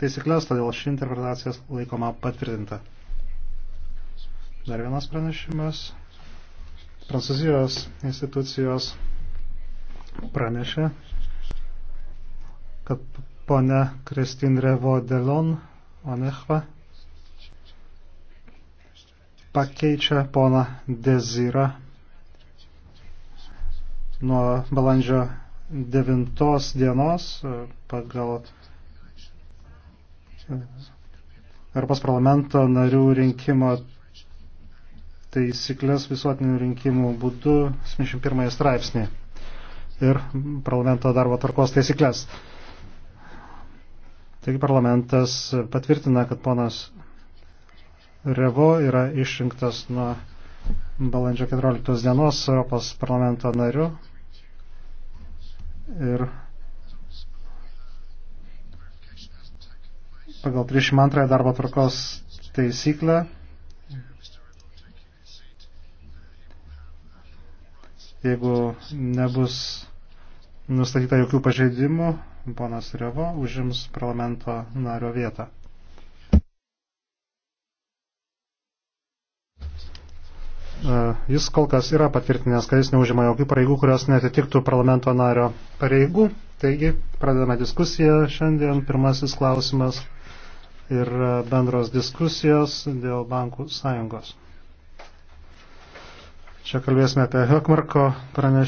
taisyklės, todėl ši interpretacija laikoma patvirtinta. Dar vienas pranešimas. Prancūzijos institucijos pranešė, kad ponia Kristin Revo Delon Onechva pakeičia poną Dezirą nuo balandžio 9 dienos e, pagal Europos parlamento narių rinkimo taisyklės visuotinių rinkimų būdu 71 straipsnį ir parlamento darbo tvarkos taisyklės. Taigi parlamentas patvirtina, kad ponas Revo yra išrinktas nuo balandžio 14 dienos Europos parlamento nariu ir pagal 32 darbo tvarkos taisyklę. Jeigu nebus nustatyta jokių pažeidimų, ponas Revo užims parlamento nario vietą. E, jis kol kas yra patvirtinęs, kad jis neužima jokių pareigų, kurios netitiktų parlamento nario pareigų. Taigi, pradedame diskusiją šiandien. Pirmasis klausimas ir e, bendros diskusijos dėl bankų sąjungos. Čia kalbėsime apie Hökmarko pranešimą.